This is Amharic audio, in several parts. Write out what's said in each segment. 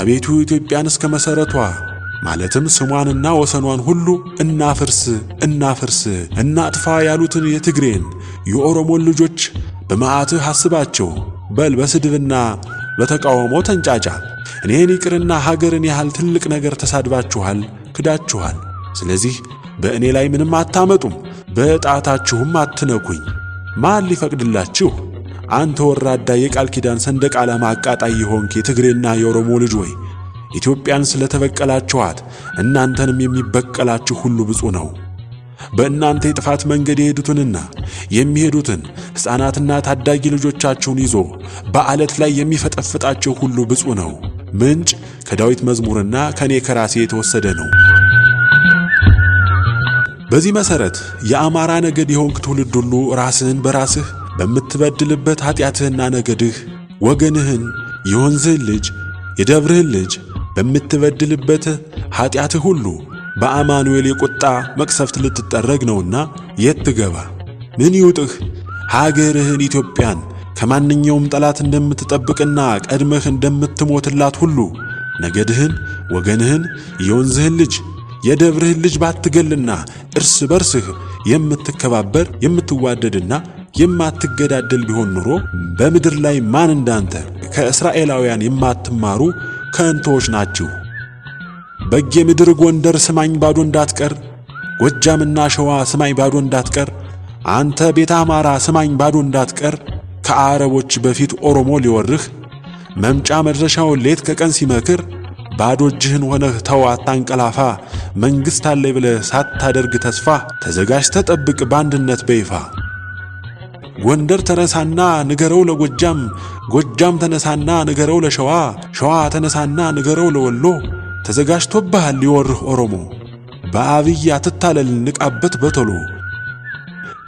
አቤቱ ኢትዮጵያን እስከ መሠረቷ ማለትም ስሟንና ወሰኗን ሁሉ እናፍርስ እናፍርስ እናጥፋ ያሉትን የትግሬን የኦሮሞን ልጆች በመዓትህ አስባቸው። በል በስድብና በተቃውሞ ተንጫጫ። እኔን ይቅርና ሀገርን ያህል ትልቅ ነገር ተሳድባችኋል፣ ክዳችኋል። ስለዚህ በእኔ ላይ ምንም አታመጡም፣ በጣታችሁም አትነኩኝ። ማን ሊፈቅድላችሁ አንተ ወራዳ የቃል ኪዳን ሰንደቅ ዓላማ አቃጣይ የሆንክ የትግሬና የኦሮሞ ልጅ ሆይ ኢትዮጵያን ስለተበቀላችኋት እናንተንም የሚበቀላችሁ ሁሉ ብፁ ነው። በእናንተ የጥፋት መንገድ የሄዱትንና የሚሄዱትን ሕፃናትና ታዳጊ ልጆቻችሁን ይዞ በዓለት ላይ የሚፈጠፍጣቸው ሁሉ ብፁ ነው። ምንጭ ከዳዊት መዝሙርና ከእኔ ከራሴ የተወሰደ ነው። በዚህ መሠረት የአማራ ነገድ የሆንክ ትውልድ ሁሉ ራስህን በራስህ በምትበድልበት ኀጢአትህና ነገድህ ወገንህን የወንዝህን ልጅ የደብርህን ልጅ በምትበድልበት ኀጢአትህ ሁሉ በአማኑኤል የቁጣ መቅሰፍት ልትጠረግ ነውና የት ትገባ? ምን ይውጥህ? ሀገርህን ኢትዮጵያን ከማንኛውም ጠላት እንደምትጠብቅና ቀድመህ እንደምትሞትላት ሁሉ ነገድህን፣ ወገንህን፣ የወንዝህን ልጅ የደብርህን ልጅ ባትገልና እርስ በርስህ የምትከባበር የምትዋደድና የማትገዳደል ቢሆን ኑሮ በምድር ላይ ማን እንዳንተ ከእስራኤላውያን የማትማሩ ከንቶች ናችሁ። በጌ ምድር ጎንደር ስማኝ ባዶ እንዳትቀር፣ ጎጃምና ሸዋ ስማኝ ባዶ እንዳትቀር፣ አንተ ቤተ አማራ ስማኝ ባዶ እንዳትቀር፣ ከአረቦች በፊት ኦሮሞ ሊወርህ መምጫ መድረሻውን ሌት ከቀን ሲመክር ባዶ እጅህን ሆነህ ተው አታንቀላፋ፣ መንግሥት አለ ብለህ ሳታደርግ ተስፋ ተዘጋጅ ጠብቅ በአንድነት በይፋ ጎንደር ተነሳና ንገረው ለጎጃም፣ ጎጃም ተነሳና ንገረው ለሸዋ፣ ሸዋ ተነሳና ንገረው ለወሎ። ተዘጋጅቶብሃል ሊወርህ ኦሮሞ፣ በአብይ አትታለል ንቃበት በቶሎ።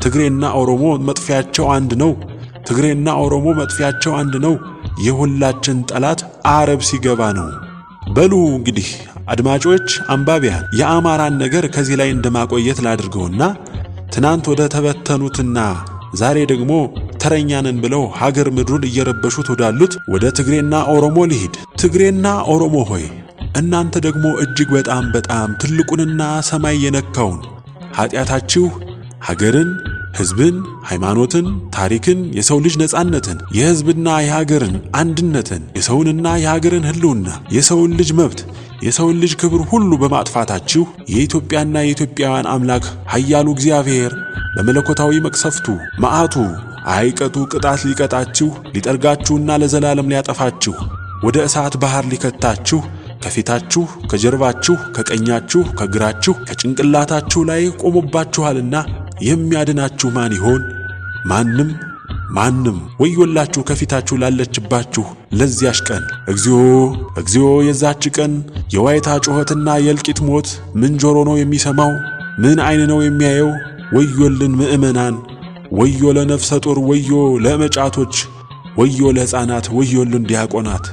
ትግሬና ኦሮሞ መጥፊያቸው አንድ ነው፣ ትግሬና ኦሮሞ መጥፊያቸው አንድ ነው። የሁላችን ጠላት አረብ ሲገባ ነው። በሉ እንግዲህ አድማጮች፣ አንባቢያን የአማራን ነገር ከዚህ ላይ እንደማቆየት ላድርገውና ትናንት ወደ ተበተኑትና ዛሬ ደግሞ ተረኛንን ብለው ሀገር ምድሩን እየረበሹት ወዳሉት ወደ ትግሬና ኦሮሞ ልሂድ። ትግሬና ኦሮሞ ሆይ እናንተ ደግሞ እጅግ በጣም በጣም ትልቁንና ሰማይ የነካውን ኃጢአታችሁ ሀገርን፣ ሕዝብን፣ ሃይማኖትን፣ ታሪክን፣ የሰው ልጅ ነጻነትን፣ የሕዝብና የሀገርን አንድነትን፣ የሰውንና የሀገርን ህልውና፣ የሰውን ልጅ መብት የሰውን ልጅ ክብር ሁሉ በማጥፋታችሁ የኢትዮጵያና የኢትዮጵያውያን አምላክ ኃያሉ እግዚአብሔር በመለኮታዊ መቅሰፍቱ መዓቱ አይቀጡ ቅጣት ሊቀጣችሁ ሊጠርጋችሁና ለዘላለም ሊያጠፋችሁ ወደ እሳት ባህር ሊከታችሁ ከፊታችሁ፣ ከጀርባችሁ፣ ከቀኛችሁ፣ ከግራችሁ፣ ከጭንቅላታችሁ ላይ ቆሞባችኋልና የሚያድናችሁ ማን ይሆን? ማንም ማንም ወዮላችሁ ከፊታችሁ ላለችባችሁ ለዚያች ቀን። እግዚኦ እግዚኦ! የዛች ቀን የዋይታ ጩኸትና የእልቂት ሞት ምን ጆሮ ነው የሚሰማው? ምን አይን ነው የሚያየው? ወዮልን ምእመናን! ወዮ ለነፍሰ ጡር፣ ወዮ ለመጫቶች፣ ወዮ ለሕፃናት፣ ወዮልን ዲያቆናት፣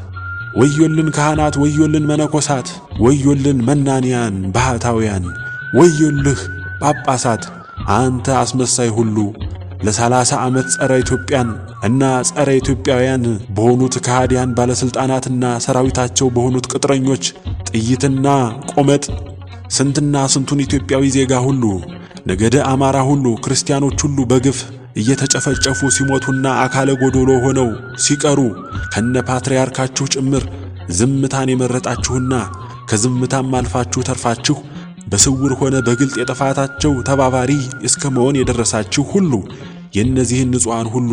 ወዮልን ካህናት፣ ወዮልን መነኮሳት፣ ወዮልን መናንያን ባህታውያን፣ ወዮልህ ጳጳሳት አንተ አስመሳይ ሁሉ ለ30 ዓመት ጸረ ኢትዮጵያን እና ጸረ ኢትዮጵያውያን በሆኑት ከሃዲያን ባለስልጣናትና ሰራዊታቸው በሆኑት ቅጥረኞች ጥይትና ቆመጥ ስንትና ስንቱን ኢትዮጵያዊ ዜጋ ሁሉ ነገደ አማራ ሁሉ ክርስቲያኖች ሁሉ በግፍ እየተጨፈጨፉ ሲሞቱና አካለ ጎዶሎ ሆነው ሲቀሩ ከነ ፓትርያርካችሁ ጭምር ዝምታን የመረጣችሁና ከዝምታም አልፋችሁ ተርፋችሁ በስውር ሆነ በግልጥ የጥፋታቸው ተባባሪ እስከ መሆን የደረሳችሁ ሁሉ የእነዚህን ንጹሐን ሁሉ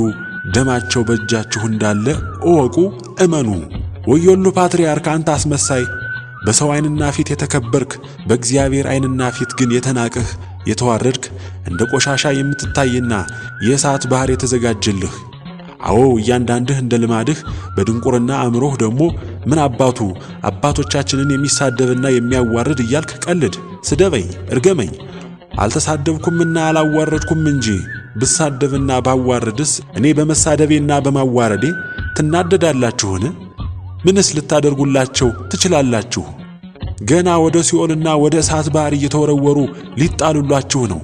ደማቸው በእጃችሁ እንዳለ እወቁ፣ እመኑ። ወዮሉ ፓትርያርክ፣ አንተ አስመሳይ፣ በሰው አይንና ፊት የተከበርክ፣ በእግዚአብሔር አይንና ፊት ግን የተናቅህ የተዋረድክ፣ እንደ ቆሻሻ የምትታይና የእሳት ባሕር የተዘጋጀልህ አዎ እያንዳንድህ እንደ ልማድህ በድንቁርና አእምሮህ ደግሞ ምን አባቱ አባቶቻችንን የሚሳደብና የሚያዋርድ እያልክ ቀልድ፣ ስደበኝ፣ እርገመኝ። አልተሳደብኩምና አላዋረድኩም እንጂ ብሳደብና ባዋርድስ እኔ በመሳደቤና በማዋረዴ ትናደዳላችሁን? ምንስ ልታደርጉላቸው ትችላላችሁ? ገና ወደ ሲኦልና ወደ እሳት ባህር እየተወረወሩ ሊጣሉላችሁ ነው።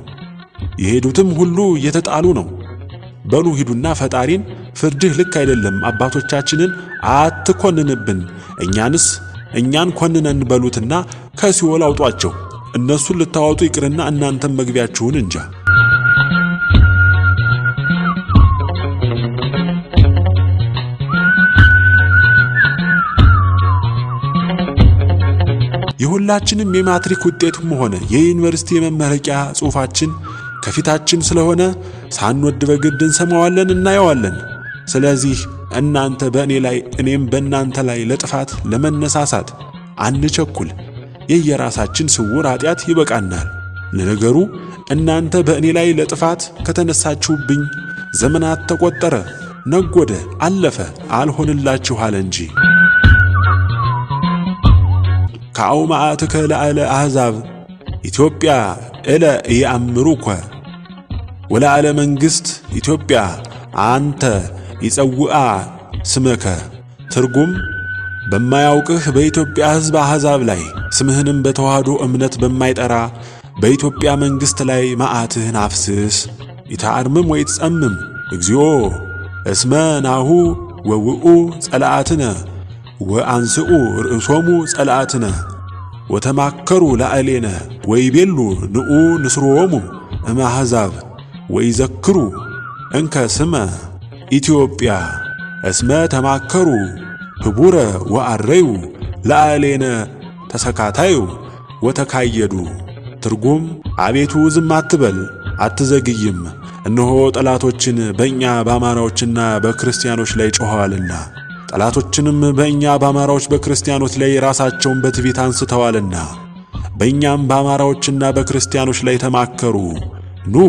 የሄዱትም ሁሉ እየተጣሉ ነው። በሉ ሂዱና ፈጣሪን ፍርድህ ልክ አይደለም፣ አባቶቻችንን አትኮንንብን፣ እኛንስ እኛን ኮንነን በሉትና ከሲኦል አውጧቸው። እነሱን ልታወጡ ይቅርና እናንተም መግቢያችሁን እንጃ። የሁላችንም የማትሪክ ውጤት ሆነ የዩኒቨርሲቲ የመመረቂያ ጽሑፋችን ከፊታችን ስለሆነ ሳንወድ በግድ እንሰማዋለን፣ እናየዋለን። ስለዚህ እናንተ በእኔ ላይ እኔም በእናንተ ላይ ለጥፋት ለመነሳሳት አንቸኩል። የየራሳችን ስውር ኃጢአት ይበቃናል። ለነገሩ እናንተ በእኔ ላይ ለጥፋት ከተነሳችሁብኝ ዘመናት ተቆጠረ፣ ነጎደ፣ አለፈ፣ አልሆንላችኋል እንጂ ከአውማዕትከ ለአለ አሕዛብ ኢትዮጵያ እለ ኢአምሩከ ወለዓለ መንግሥት ኢትዮጵያ አንተ ይጸውአ ስመከ ትርጉም በማያውቅህ በኢትዮጵያ ሕዝብ አሕዛብ ላይ ስምህንም በተዋህዶ እምነት በማይጠራ በኢትዮጵያ መንግሥት ላይ መዓትህን አፍስስ። ይተአርምም ወይ ትጸምም እግዚኦ እስመ ናሁ ወውኡ ጸላአትነ ወአንስኡ ርእሶሙ ጸላአትነ ወተማከሩ ላዕሌነ ወይቤሉ ንዑ ንስሮሙ እማሕዛብ ወይዘክሩ እንከ ስመ ኢትዮጵያ እስመ ተማከሩ ህቡረ ወአረዩ ለአሌነ ተሰካታዩ ወተካየዱ። ትርጉም አቤቱ ዝም አትበል አትዘግይም፣ እነሆ ጠላቶችን በእኛ በአማራዎችና በክርስቲያኖች ላይ ጮኸዋልና ጠላቶችንም በእኛ በአማራዎች በክርስቲያኖች ላይ ራሳቸውን በትቢት አንስተዋልና በእኛም በአማራዎችና በክርስቲያኖች ላይ ተማከሩ ኑ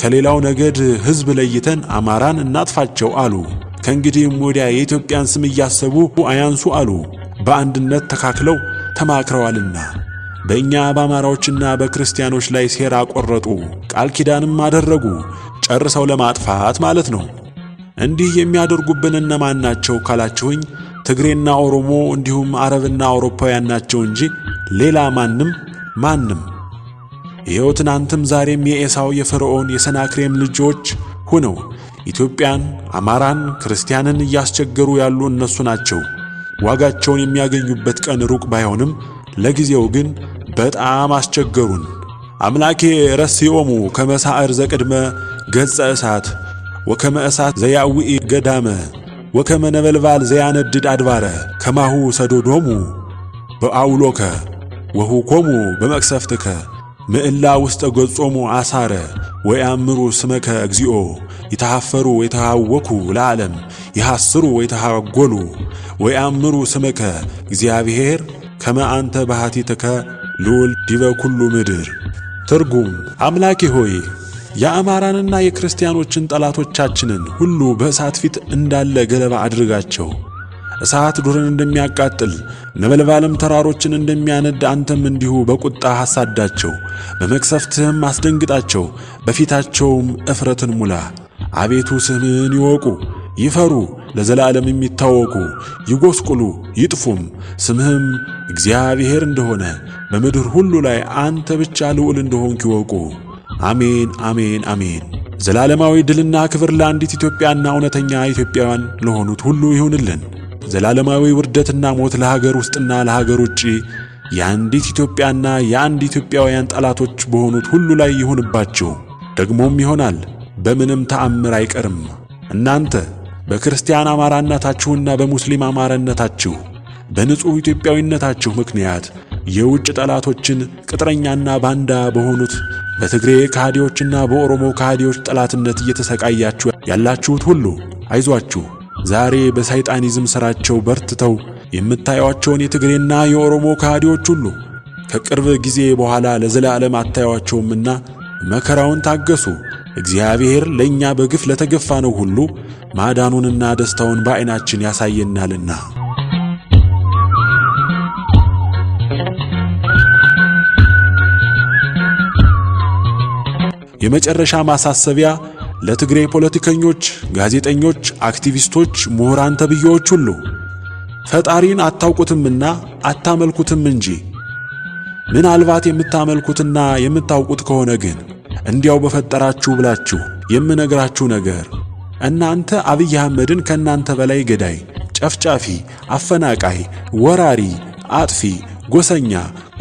ከሌላው ነገድ ሕዝብ ለይተን አማራን እናጥፋቸው አሉ። ከእንግዲህም ወዲያ የኢትዮጵያን ስም እያሰቡ አያንሱ አሉ። በአንድነት ተካክለው ተማክረዋልና በእኛ በአማራዎችና በክርስቲያኖች ላይ ሴራ ቆረጡ፣ ቃል ኪዳንም አደረጉ። ጨርሰው ለማጥፋት ማለት ነው። እንዲህ የሚያደርጉብን እነማን ናቸው ካላችሁኝ ትግሬና ኦሮሞ እንዲሁም አረብና አውሮፓውያን ናቸው እንጂ ሌላ ማንም ማንም ይኸው ትናንትም ዛሬም የኤሳው የፈርዖን የሰናክሬም ልጆች ሁነው ኢትዮጵያን፣ አማራን፣ ክርስቲያንን እያስቸገሩ ያሉ እነሱ ናቸው። ዋጋቸውን የሚያገኙበት ቀን ሩቅ ባይሆንም ለጊዜው ግን በጣም አስቸገሩን። አምላኬ ረሲኦሙ ከመሳዕር ዘቅድመ ገጸ እሳት ወከመ እሳት ዘያዊኢ ገዳመ ወከመ ነበልባል ዘያነድድ አድባረ ከማሁ ሰዶዶሙ በአውሎከ ወሁኮሙ በመቅሰፍትከ ምእላ ውስጥ ገጾሙ አሳረ ወያምሩ ስመከ እግዚኦ ይተሐፈሩ ወይተሐወኩ ለዓለም ይሐስሩ ወይተሐጎሉ ወያምሩ ስመከ እግዚአብሔር ከመ አንተ ባሕቲትከ ልዑል ዲበ ኩሉ ምድር። ትርጉም አምላኬ ሆይ የአማራንና የክርስቲያኖችን ጠላቶቻችንን ሁሉ በእሳት ፊት እንዳለ ገለባ አድርጋቸው። እሳት ዱርን እንደሚያቃጥል ነበልባልም ተራሮችን እንደሚያነድ አንተም እንዲሁ በቁጣ አሳዳቸው፣ በመቅሰፍትህም አስደንግጣቸው፣ በፊታቸውም እፍረትን ሙላ። አቤቱ ስምህን ይወቁ ይፈሩ፣ ለዘላለም የሚታወቁ ይጎስቁሉ፣ ይጥፉም። ስምህም እግዚአብሔር እንደሆነ በምድር ሁሉ ላይ አንተ ብቻ ልዑል እንደሆንክ ይወቁ። አሜን፣ አሜን፣ አሜን። ዘላለማዊ ድልና ክብር ለአንዲት ኢትዮጵያና እውነተኛ ኢትዮጵያውያን ለሆኑት ሁሉ ይሁንልን። ዘላለማዊ ውርደትና ሞት ለሀገር ውስጥና ለሀገር ውጪ የአንዲት ኢትዮጵያና የአንድ ኢትዮጵያውያን ጠላቶች በሆኑት ሁሉ ላይ ይሁንባችሁ። ደግሞም ይሆናል፣ በምንም ተአምር አይቀርም። እናንተ በክርስቲያን አማራነታችሁና በሙስሊም አማራነታችሁ በንጹሕ ኢትዮጵያዊነታችሁ ምክንያት የውጭ ጠላቶችን ቅጥረኛና ባንዳ በሆኑት በትግሬ ከሃዲዎችና በኦሮሞ ከሃዲዎች ጠላትነት እየተሰቃያችሁ ያላችሁት ሁሉ አይዟችሁ ዛሬ በሳይጣኒዝም ሥራቸው በርትተው የምታዩቸውን የትግሬና የኦሮሞ ከሃዲዎች ሁሉ ከቅርብ ጊዜ በኋላ ለዘላለም አታዩዋቸውምና መከራውን ታገሱ። እግዚአብሔር ለእኛ በግፍ ለተገፋ ነው ሁሉ ማዳኑንና ደስታውን በዐይናችን ያሳየናልና። የመጨረሻ ማሳሰቢያ ለትግራይ ፖለቲከኞች፣ ጋዜጠኞች፣ አክቲቪስቶች፣ ምሁራን ተብዬዎች ሁሉ ፈጣሪን አታውቁትምና አታመልኩትም እንጂ ምናልባት የምታመልኩትና የምታውቁት ከሆነ ግን እንዲያው በፈጠራችሁ ብላችሁ የምነግራችሁ ነገር እናንተ አብይ አህመድን ከእናንተ በላይ ገዳይ፣ ጨፍጫፊ፣ አፈናቃይ፣ ወራሪ፣ አጥፊ፣ ጎሰኛ፣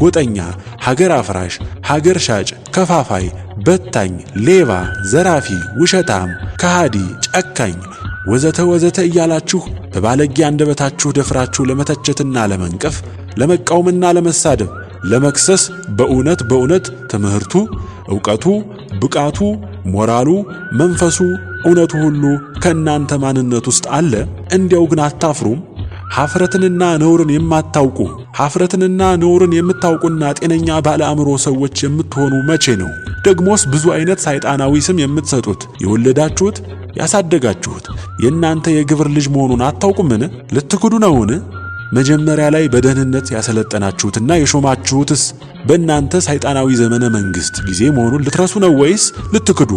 ጎጠኛ፣ ሀገር አፍራሽ፣ ሀገር ሻጭ፣ ከፋፋይ፣ በታኝ፣ ሌባ፣ ዘራፊ፣ ውሸታም፣ ከሃዲ፣ ጨካኝ ወዘተ ወዘተ እያላችሁ በባለጌ አንደበታችሁ ደፍራችሁ ለመተቸትና ለመንቀፍ ለመቃወምና ለመሳደብ ለመክሰስ በእውነት በእውነት ትምህርቱ፣ ዕውቀቱ፣ ብቃቱ፣ ሞራሉ፣ መንፈሱ፣ እውነቱ ሁሉ ከእናንተ ማንነት ውስጥ አለ። እንዲያው ግን አታፍሩም? ሀፍረትንና ነውርን የማታውቁ ሀፍረትንና ነውርን የምታውቁና ጤነኛ ባለ አእምሮ ሰዎች የምትሆኑ መቼ ነው? ደግሞስ ብዙ አይነት ሰይጣናዊ ስም የምትሰጡት የወለዳችሁት ያሳደጋችሁት የእናንተ የግብር ልጅ መሆኑን አታውቁምን? ልትክዱ ነውን? መጀመሪያ ላይ በደህንነት ያሰለጠናችሁትና የሾማችሁትስ በእናንተ ሰይጣናዊ ዘመነ መንግሥት ጊዜ መሆኑን ልትረሱ ነው ወይስ ልትክዱ?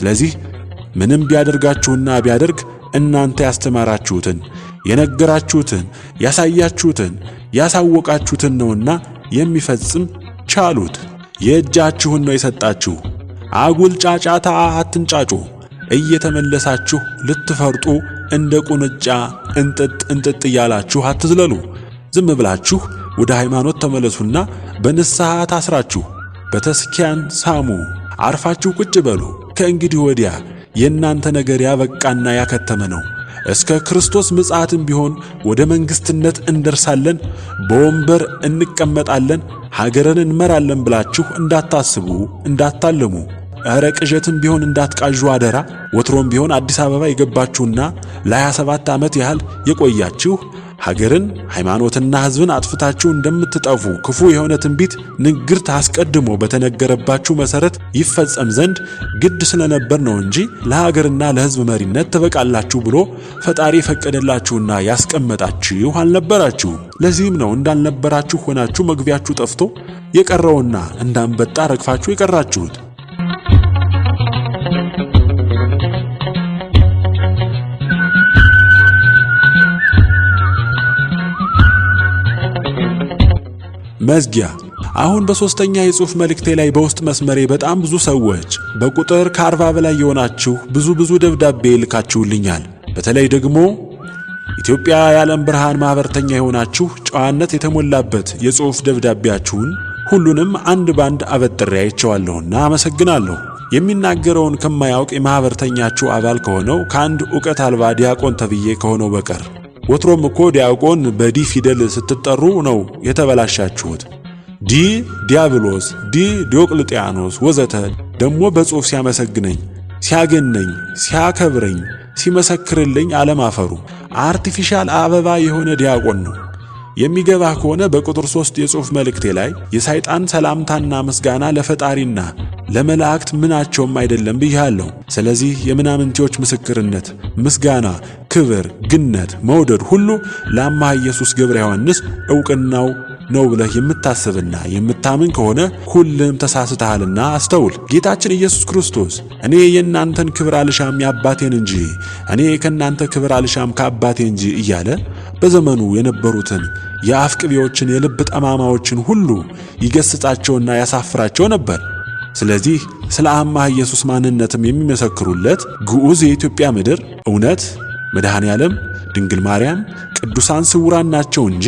ስለዚህ ምንም ቢያደርጋችሁና ቢያደርግ እናንተ ያስተማራችሁትን የነገራችሁትን ያሳያችሁትን ያሳወቃችሁትን ነውና የሚፈጽም ቻሉት። የእጃችሁን ነው የሰጣችሁ። አጉል ጫጫታ አትንጫጩ። እየተመለሳችሁ ልትፈርጡ እንደ ቁንጫ እንጥጥ እንጥጥ እያላችሁ አትዝለሉ። ዝም ብላችሁ ወደ ሃይማኖት ተመለሱና በንስሐ ታስራችሁ በተስኪያን ሳሙ። አርፋችሁ ቁጭ በሉ። ከእንግዲህ ወዲያ የእናንተ ነገር ያበቃና ያከተመ ነው። እስከ ክርስቶስ ምጽአትም ቢሆን ወደ መንግስትነት እንደርሳለን፣ በወንበር እንቀመጣለን፣ ሀገርን እንመራለን ብላችሁ እንዳታስቡ እንዳታለሙ። እረ ቅዠትም ቢሆን እንዳትቃዡ አደራ። ወትሮም ቢሆን አዲስ አበባ የገባችሁና ለ27 ዓመት ያህል የቆያችሁ ሀገርን ሃይማኖትና ሕዝብን አጥፍታችሁ እንደምትጠፉ ክፉ የሆነ ትንቢት ንግርት አስቀድሞ በተነገረባችሁ መሰረት ይፈጸም ዘንድ ግድ ስለነበር ነው እንጂ ለሀገርና ለሕዝብ መሪነት ትበቃላችሁ ብሎ ፈጣሪ የፈቀደላችሁና ያስቀመጣችሁ አልነበራችሁ። ለዚህም ነው እንዳልነበራችሁ ሆናችሁ መግቢያችሁ ጠፍቶ የቀረውና እንዳንበጣ ረግፋችሁ የቀራችሁት። መዝጊያ አሁን በሶስተኛ የጽሑፍ መልእክቴ ላይ በውስጥ መስመሬ በጣም ብዙ ሰዎች በቁጥር ከአርባ በላይ የሆናችሁ ብዙ ብዙ ደብዳቤ ይልካችሁልኛል። በተለይ ደግሞ ኢትዮጵያ የዓለም ብርሃን ማኅበርተኛ የሆናችሁ ጨዋነት የተሞላበት የጽሑፍ ደብዳቤያችሁን ሁሉንም አንድ ባንድ አበጥሬ አይቼዋለሁና አመሰግናለሁ። የሚናገረውን ከማያውቅ የማኅበርተኛችሁ አባል ከሆነው ከአንድ ዕውቀት አልባ ዲያቆን ተብዬ ከሆነው በቀር ወትሮም እኮ ዲያቆን በዲ ፊደል ስትጠሩ ነው የተበላሻችሁት። ዲ ዲያብሎስ፣ ዲ ዲዮቅልጥያኖስ ወዘተ። ደግሞ በጽሑፍ ሲያመሰግነኝ፣ ሲያገነኝ፣ ሲያከብረኝ፣ ሲመሰክርልኝ አለማፈሩ አርቲፊሻል አበባ የሆነ ዲያቆን ነው። የሚገባህ ከሆነ በቁጥር ሶስት የጽሑፍ መልእክቴ ላይ የሳይጣን ሰላምታና ምስጋና ለፈጣሪና ለመላእክት ምናቸውም አይደለም ብያለሁ። ስለዚህ የምናምንቴዎች ምስክርነት፣ ምስጋና፣ ክብር፣ ግነት፣ መውደድ ሁሉ ለአማ ኢየሱስ ገብረ ዮሐንስ ዕውቅናው ነው ብለህ የምታስብና የምታምን ከሆነ ሁልም ተሳስተሃልና አስተውል። ጌታችን ኢየሱስ ክርስቶስ እኔ የእናንተን ክብር አልሻም የአባቴን እንጂ እኔ ከእናንተ ክብር አልሻም ከአባቴ እንጂ እያለ በዘመኑ የነበሩትን የአፍቅቢዎችን የልብ ጠማማዎችን ሁሉ ይገስጻቸውና ያሳፍራቸው ነበር። ስለዚህ ስለ አማህ ኢየሱስ ማንነትም የሚመሰክሩለት ግዑዝ የኢትዮጵያ ምድር እውነት መድኃኔ ዓለም ድንግል ማርያም ቅዱሳን ስውራን ናቸው እንጂ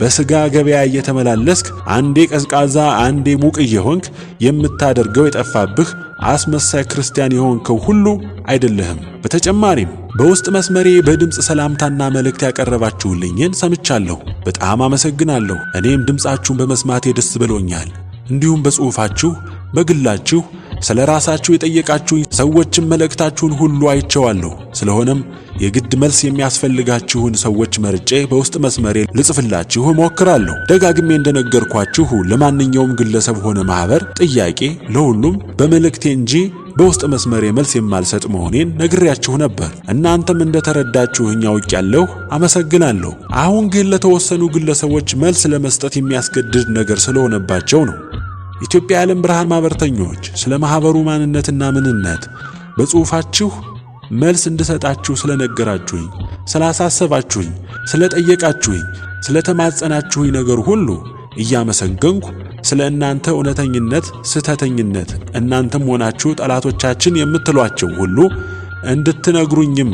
በስጋ ገበያ እየተመላለስክ አንዴ ቀዝቃዛ አንዴ ሙቅ እየሆንክ የምታደርገው የጠፋብህ አስመሳይ ክርስቲያን የሆንከው ሁሉ አይደለህም። በተጨማሪም በውስጥ መስመሬ በድምፅ ሰላምታና መልእክት ያቀረባችሁልኝን ሰምቻለሁ። በጣም አመሰግናለሁ። እኔም ድምፃችሁን በመስማቴ ደስ ብሎኛል። እንዲሁም በጽሑፋችሁ በግላችሁ ስለ ራሳችሁ የጠየቃችሁኝ ሰዎችን መልእክታችሁን ሁሉ አይቸዋለሁ። ስለሆነም የግድ መልስ የሚያስፈልጋችሁን ሰዎች መርጬ በውስጥ መስመሬ ልጽፍላችሁ እሞክራለሁ። ደጋግሜ እንደነገርኳችሁ ለማንኛውም ግለሰብ ሆነ ማህበር ጥያቄ ለሁሉም በመልእክቴ እንጂ በውስጥ መስመሬ መልስ የማልሰጥ መሆኔን ነግሬያችሁ ነበር። እናንተም እንደተረዳችሁኝ አውቄያለሁ። አመሰግናለሁ። አሁን ግን ለተወሰኑ ግለሰቦች መልስ ለመስጠት የሚያስገድድ ነገር ስለሆነባቸው ነው ኢትዮጵያ የዓለም ብርሃን ማኅበርተኞች ስለ ማኅበሩ ማንነትና ምንነት በጽሑፋችሁ መልስ እንድሰጣችሁ ስለነገራችሁኝ፣ ስላሳሰባችሁኝ፣ ስለጠየቃችሁኝ፣ ስለተማጸናችሁኝ ነገር ሁሉ እያመሰገንኩ ስለ እናንተ እውነተኝነት፣ ስህተተኝነት እናንተም ሆናችሁ ጠላቶቻችን የምትሏቸው ሁሉ እንድትነግሩኝም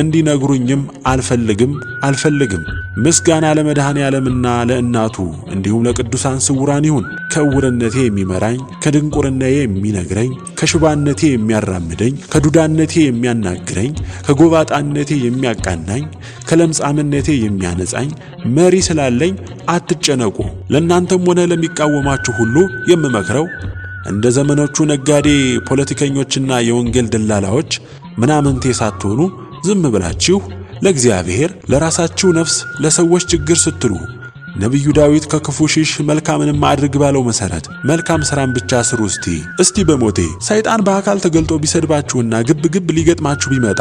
እንዲነግሩኝም አልፈልግም አልፈልግም። ምስጋና ለመድኃኔ ዓለምና ለእናቱ እንዲሁም ለቅዱሳን ስውራን ይሁን። ከዕውርነቴ የሚመራኝ ከድንቁርናዬ የሚነግረኝ ከሽባነቴ የሚያራምደኝ ከዱዳነቴ የሚያናግረኝ ከጎባጣነቴ የሚያቃናኝ ከለምጻምነቴ የሚያነጻኝ መሪ ስላለኝ አትጨነቁ። ለእናንተም ሆነ ለሚቃወማችሁ ሁሉ የምመክረው እንደ ዘመኖቹ ነጋዴ ፖለቲከኞችና የወንጌል ደላላዎች ምናምንቴ ሳትሆኑ ዝም ብላችሁ ለእግዚአብሔር፣ ለራሳችሁ ነፍስ፣ ለሰዎች ችግር ስትሉ ነቢዩ ዳዊት ከክፉ ሽሽ መልካምንም አድርግ ባለው መሰረት መልካም ሥራን ብቻ ስሩ። እስቲ እስቲ በሞቴ ሰይጣን በአካል ተገልጦ ቢሰድባችሁና ግብ ግብ ሊገጥማችሁ ቢመጣ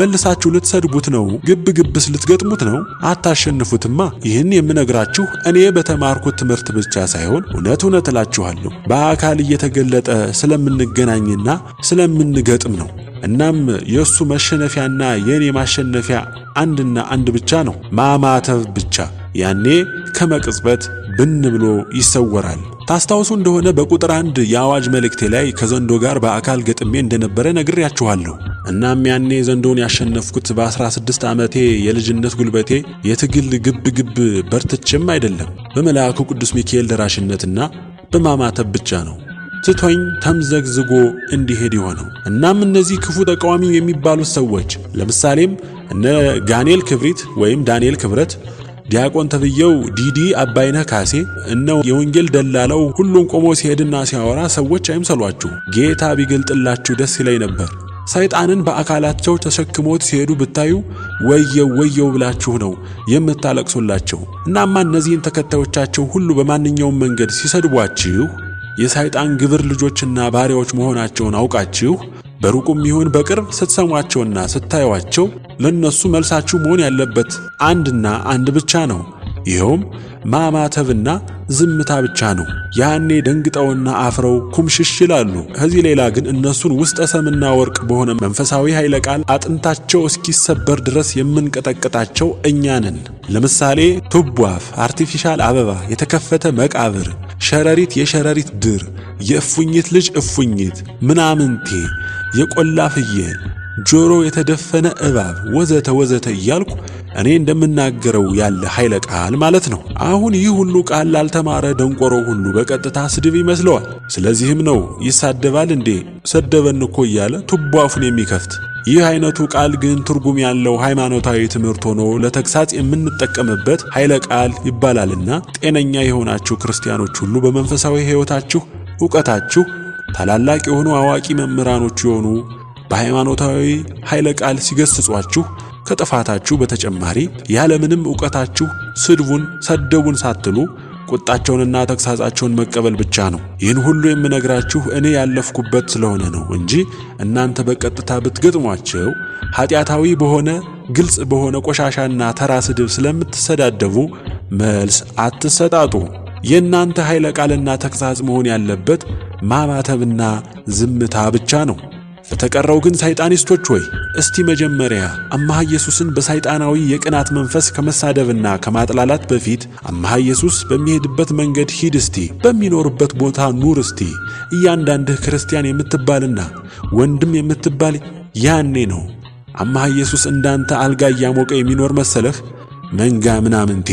መልሳችሁ ልትሰድቡት ነው? ግብ ግብስ ልትገጥሙት ነው? አታሸንፉትማ። ይህን የምነግራችሁ እኔ በተማርኩት ትምህርት ብቻ ሳይሆን እውነት እውነት እላችኋለሁ በአካል እየተገለጠ ስለምንገናኝና ስለምንገጥም ነው። እናም የእሱ መሸነፊያና የእኔ ማሸነፊያ አንድና አንድ ብቻ ነው፣ ማማተብ ብቻ። ያኔ ከመቅጽበት ብን ብሎ ይሰወራል። ታስታውሱ እንደሆነ በቁጥር አንድ የአዋጅ መልእክቴ ላይ ከዘንዶ ጋር በአካል ገጥሜ እንደነበረ ነግሬያችኋለሁ። እናም ያኔ ዘንዶውን ያሸነፍኩት በ16 ዓመቴ የልጅነት ጉልበቴ የትግል ግብ ግብ በርትቼም አይደለም፣ በመልአኩ ቅዱስ ሚካኤል ደራሽነትና በማማተብ ብቻ ነው። ትቶኝ ተምዘግዝጎ እንዲሄድ የሆነው። እናም እነዚህ ክፉ ተቃዋሚ የሚባሉት ሰዎች ለምሳሌም እነ ጋንኤል ክብሪት ወይም ዳንኤል ክብረት፣ ዲያቆን ተብየው ዲዲ አባይነህ ካሴ፣ እነ የወንጌል ደላለው ሁሉም ቆሞ ሲሄድና ሲያወራ ሰዎች አይምሰሏችሁ። ጌታ ቢገልጥላችሁ ደስ ይለኝ ነበር። ሰይጣንን በአካላቸው ተሸክሞት ሲሄዱ ብታዩ ወየው ወየው ብላችሁ ነው የምታለቅሱላቸው። እናማ እነዚህን ተከታዮቻቸው ሁሉ በማንኛውም መንገድ ሲሰድቧችሁ የሳይጣን ግብር ልጆችና ባሪያዎች መሆናቸውን አውቃችሁ በሩቁም ይሁን በቅርብ ስትሰሟቸውና ስታዩዋቸው ለነሱ መልሳችሁ መሆን ያለበት አንድና አንድ ብቻ ነው። ይኸውም ማማተብና ዝምታ ብቻ ነው። ያኔ ደንግጠውና አፍረው ኩምሽሽ ይላሉ። ከዚህ ሌላ ግን እነሱን ውስጠ ሰምና ወርቅ በሆነ መንፈሳዊ ኃይለ ቃል አጥንታቸው እስኪሰበር ድረስ የምንቀጠቅጣቸው እኛ ነን። ለምሳሌ ቱቧፍ፣ አርቲፊሻል አበባ፣ የተከፈተ መቃብር፣ ሸረሪት፣ የሸረሪት ድር፣ የእፉኝት ልጅ እፉኝት፣ ምናምንቴ፣ የቆላ ፍየል ጆሮ የተደፈነ እባብ ወዘተ ወዘተ እያልኩ እኔ እንደምናገረው ያለ ኃይለ ቃል ማለት ነው። አሁን ይህ ሁሉ ቃል ላልተማረ ደንቆሮ ሁሉ በቀጥታ ስድብ ይመስለዋል። ስለዚህም ነው ይሳደባል እንዴ ሰደበን እኮ እያለ ቱቦ አፉን የሚከፍት። ይህ አይነቱ ቃል ግን ትርጉም ያለው ሃይማኖታዊ ትምህርት ሆኖ ለተግሳጽ የምንጠቀምበት ኃይለ ቃል ይባላልና ጤነኛ የሆናችሁ ክርስቲያኖች ሁሉ በመንፈሳዊ ሕይወታችሁ እውቀታችሁ ታላላቅ የሆኑ አዋቂ መምህራኖች የሆኑ በሃይማኖታዊ ኃይለ ቃል ሲገስጿችሁ ከጥፋታችሁ በተጨማሪ ያለምንም ዕውቀታችሁ ስድቡን ሰደቡን ሳትሉ ቁጣቸውንና ተግሳጻቸውን መቀበል ብቻ ነው። ይህን ሁሉ የምነግራችሁ እኔ ያለፍኩበት ስለሆነ ነው እንጂ እናንተ በቀጥታ ብትገጥሟቸው ኃጢአታዊ በሆነ ግልጽ በሆነ ቆሻሻና ተራ ስድብ ስለምትሰዳደቡ መልስ አትሰጣጡ። የእናንተ ኃይለ ቃልና ተግሳጽ መሆን ያለበት ማማተብና ዝምታ ብቻ ነው። ለተቀረው ግን ሰይጣኒስቶች ሆይ እስቲ መጀመሪያ አምሃ ኢየሱስን በሰይጣናዊ የቅናት መንፈስ ከመሳደብና ከማጥላላት በፊት አምሃ ኢየሱስ በሚሄድበት መንገድ ሂድ እስቲ፣ በሚኖርበት ቦታ ኑር እስቲ። እያንዳንድህ ክርስቲያን የምትባልና ወንድም የምትባል ያኔ ነው። አምሃ ኢየሱስ እንዳንተ አልጋ እያሞቀ የሚኖር መሰለህ? መንጋ ምናምንቴ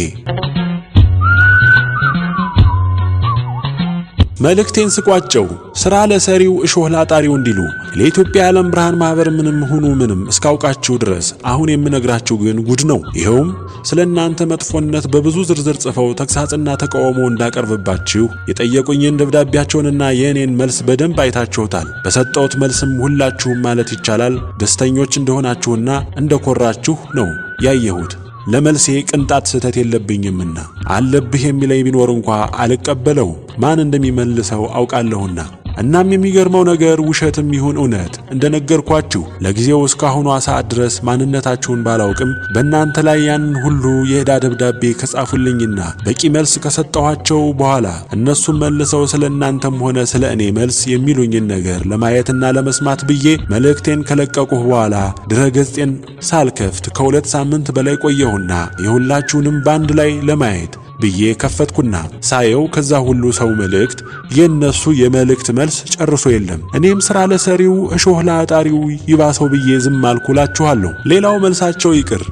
መልእክቴን ስቋጨው ስራ ለሰሪው እሾህ ላጣሪው እንዲሉ ለኢትዮጵያ የዓለም ብርሃን ማኅበር ምንም ሁኑ ምንም እስካውቃችሁ ድረስ አሁን የምነግራችሁ ግን ጉድ ነው። ይኸውም ስለ እናንተ መጥፎነት በብዙ ዝርዝር ጽፈው ተግሳጽና ተቃውሞ እንዳቀርብባችሁ የጠየቁኝን ደብዳቤያቸውንና የእኔን መልስ በደንብ አይታችሁታል። በሰጠሁት መልስም ሁላችሁም ማለት ይቻላል ደስተኞች እንደሆናችሁና እንደኮራችሁ ነው ያየሁት። ለመልሴ ቅንጣት ስህተት የለብኝምና አለብህ የሚለኝ ቢኖር እንኳ አልቀበለው ማን እንደሚመልሰው አውቃለሁና። እናም የሚገርመው ነገር ውሸትም ይሁን እውነት እንደነገርኳችሁ ለጊዜው እስካሁኗ ሰዓት ድረስ ማንነታችሁን ባላውቅም በእናንተ ላይ ያንን ሁሉ የዕዳ ደብዳቤ ከጻፉልኝና በቂ መልስ ከሰጠኋቸው በኋላ እነሱም መልሰው ስለ እናንተም ሆነ ስለ እኔ መልስ የሚሉኝን ነገር ለማየትና ለመስማት ብዬ መልእክቴን ከለቀቁህ በኋላ ድረገጼን ሳልከፍት ከሁለት ሳምንት በላይ ቆየሁና የሁላችሁንም በአንድ ላይ ለማየት ብዬ ከፈትኩና ሳየው ከዛ ሁሉ ሰው መልእክት የእነሱ የመልእክት መልስ ጨርሶ የለም። እኔም ስራ ለሰሪው እሾህ ለአጣሪው ይባሰው ብዬ ዝም አልኩላችኋለሁ። ሌላው መልሳቸው ይቅር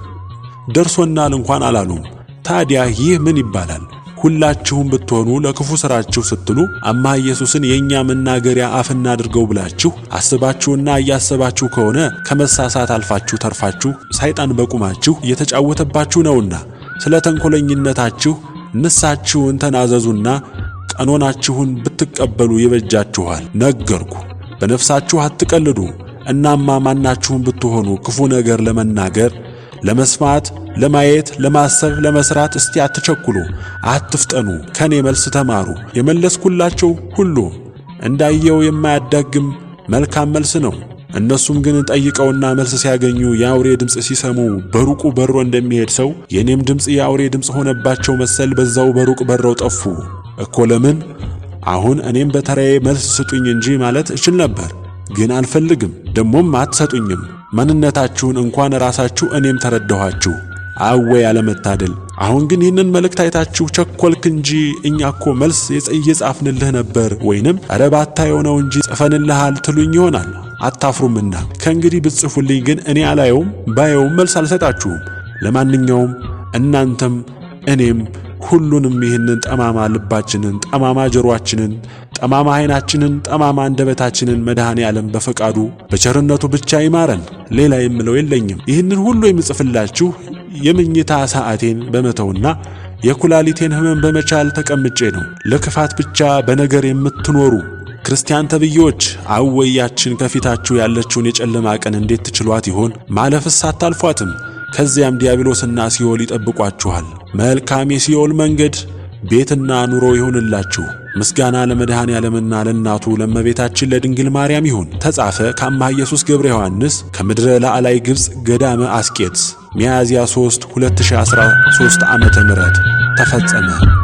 ደርሶናል እንኳን አላሉም። ታዲያ ይህ ምን ይባላል? ሁላችሁም ብትሆኑ ለክፉ ሥራችሁ ስትሉ አማ ኢየሱስን የእኛ መናገሪያ አፍ እናድርገው ብላችሁ አስባችሁና እያሰባችሁ ከሆነ ከመሳሳት አልፋችሁ ተርፋችሁ ሰይጣን በቁማችሁ እየተጫወተባችሁ ነውና ስለ ተንኮለኝነታችሁ ንሳችሁን ተናዘዙና ቀኖናችሁን ብትቀበሉ ይበጃችኋል። ነገርኩ፣ በነፍሳችሁ አትቀልዱ። እናማ ማናችሁም ብትሆኑ ክፉ ነገር ለመናገር፣ ለመስማት፣ ለማየት፣ ለማሰብ፣ ለመስራት እስቲ አትቸኩሉ፣ አትፍጠኑ። ከኔ መልስ ተማሩ። የመለስኩላችሁ ሁሉ እንዳየው የማያዳግም መልካም መልስ ነው። እነሱም ግን ጠይቀውና መልስ ሲያገኙ የአውሬ ድምፅ ሲሰሙ በሩቁ በሮ እንደሚሄድ ሰው የኔም ድምፅ የአውሬ ድምፅ ሆነባቸው መሰል በዛው በሩቅ በረው ጠፉ። እኮ ለምን አሁን እኔም በተራዬ መልስ ስጡኝ እንጂ ማለት እችል ነበር፣ ግን አልፈልግም። ደሞም አትሰጡኝም። ማንነታችሁን እንኳን ራሳችሁ እኔም ተረዳኋችሁ። አወ ያለመታደል! አሁን ግን ይህንን መልእክት አይታችሁ ቸኮልክ እንጂ እኛኮ መልስ የጻፍንልህ ነበር፣ ወይንም ኧረ የሆነው እንጂ ጽፈንልሃል ትሉኝ ይሆናል። አታፍሩምና ከእንግዲህ ብትጽፉልኝ ግን እኔ አላየውም ባየውም መልስ አልሰጣችሁም። ለማንኛውም እናንተም እኔም ሁሉንም ይህንን ጠማማ ልባችንን ጠማማ ጆሮአችንን ጠማማ ዓይናችንን ጠማማ አንደበታችንን መድኃኔ ዓለም በፈቃዱ በቸርነቱ ብቻ ይማረን። ሌላ የምለው የለኝም። ይህንን ሁሉ የምጽፍላችሁ የምኝታ ሰዓቴን በመተውና የኩላሊቴን ህመም በመቻል ተቀምጬ ነው። ለክፋት ብቻ በነገር የምትኖሩ ክርስቲያን ተብዬዎች አወያችን ከፊታችሁ ያለችውን የጨለማ ቀን እንዴት ትችሏት ይሆን? ማለፍስ አታልፏትም። ከዚያም ዲያብሎስና ሲኦል ይጠብቋችኋል። መልካም የሲኦል መንገድ ቤትና ኑሮ ይሁንላችሁ። ምስጋና ለመድኃኔ ዓለምና ለእናቱ ለመቤታችን ለድንግል ማርያም ይሁን። ተጻፈ ካማ ኢየሱስ ገብረ ዮሐንስ ከምድረ ላዕላይ ግብፅ ገዳመ አስቄጥስ ሚያዝያ 3 2013 ዓመተ ተፈጸመ።